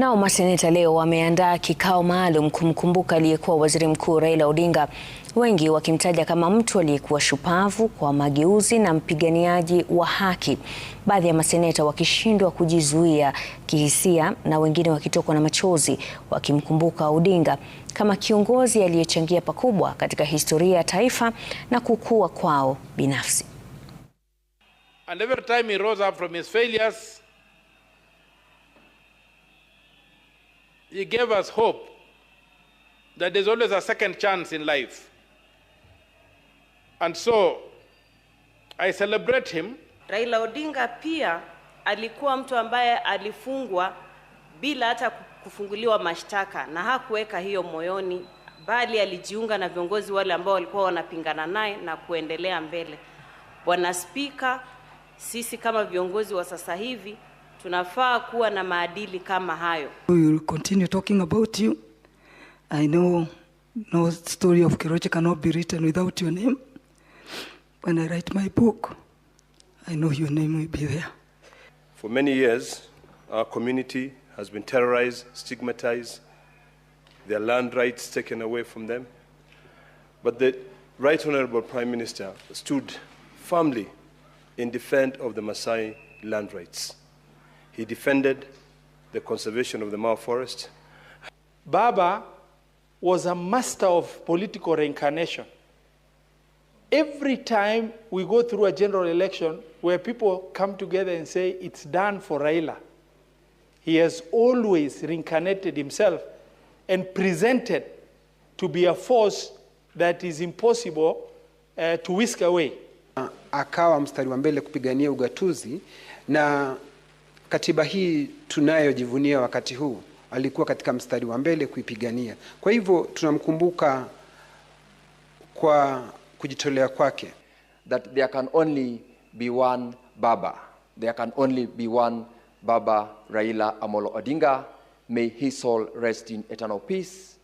Nao maseneta leo wameandaa kikao maalum kumkumbuka aliyekuwa Waziri Mkuu Raila Odinga, wengi wakimtaja kama mtu aliyekuwa shupavu kwa mageuzi na mpiganiaji wa haki, baadhi ya maseneta wakishindwa kujizuia kihisia na wengine wakitokwa na machozi wakimkumbuka Odinga kama kiongozi aliyechangia pakubwa katika historia ya taifa na kukua kwao binafsi. And every time he rose up from his failures, He gave us hope that there's always a second chance in life. And so I celebrate him. Raila Odinga pia alikuwa mtu ambaye alifungwa bila hata kufunguliwa mashtaka na hakuweka hiyo moyoni, bali alijiunga na viongozi wale ambao walikuwa wanapingana naye na kuendelea mbele. Bwana Spika, sisi kama viongozi wa sasa hivi tunafaa kuwa na maadili kama hayo. We will continue talking about you. I know no story of Kiroche cannot be written without your name. When I write my book, I know your name will be there. For many years, our community has been terrorized, stigmatized, their land rights taken away from them. But the Right Honorable Prime Minister stood firmly in defense of the Maasai land rights. He defended the conservation of the Mao forest. Baba was a master of political reincarnation. Every time we go through a general election where people come together and say it's done for Raila, he has always reincarnated himself and presented to be a force that is impossible uh, to whisk away. Uh, akawa mstari wa mbele kupigania ugatuzi na katiba hii tunayojivunia wakati huu alikuwa katika mstari wa mbele kuipigania. Kwa hivyo tunamkumbuka kwa kujitolea kwake. That there can only be one baba, there can only be one baba Raila Amolo Odinga. May his soul rest in eternal peace.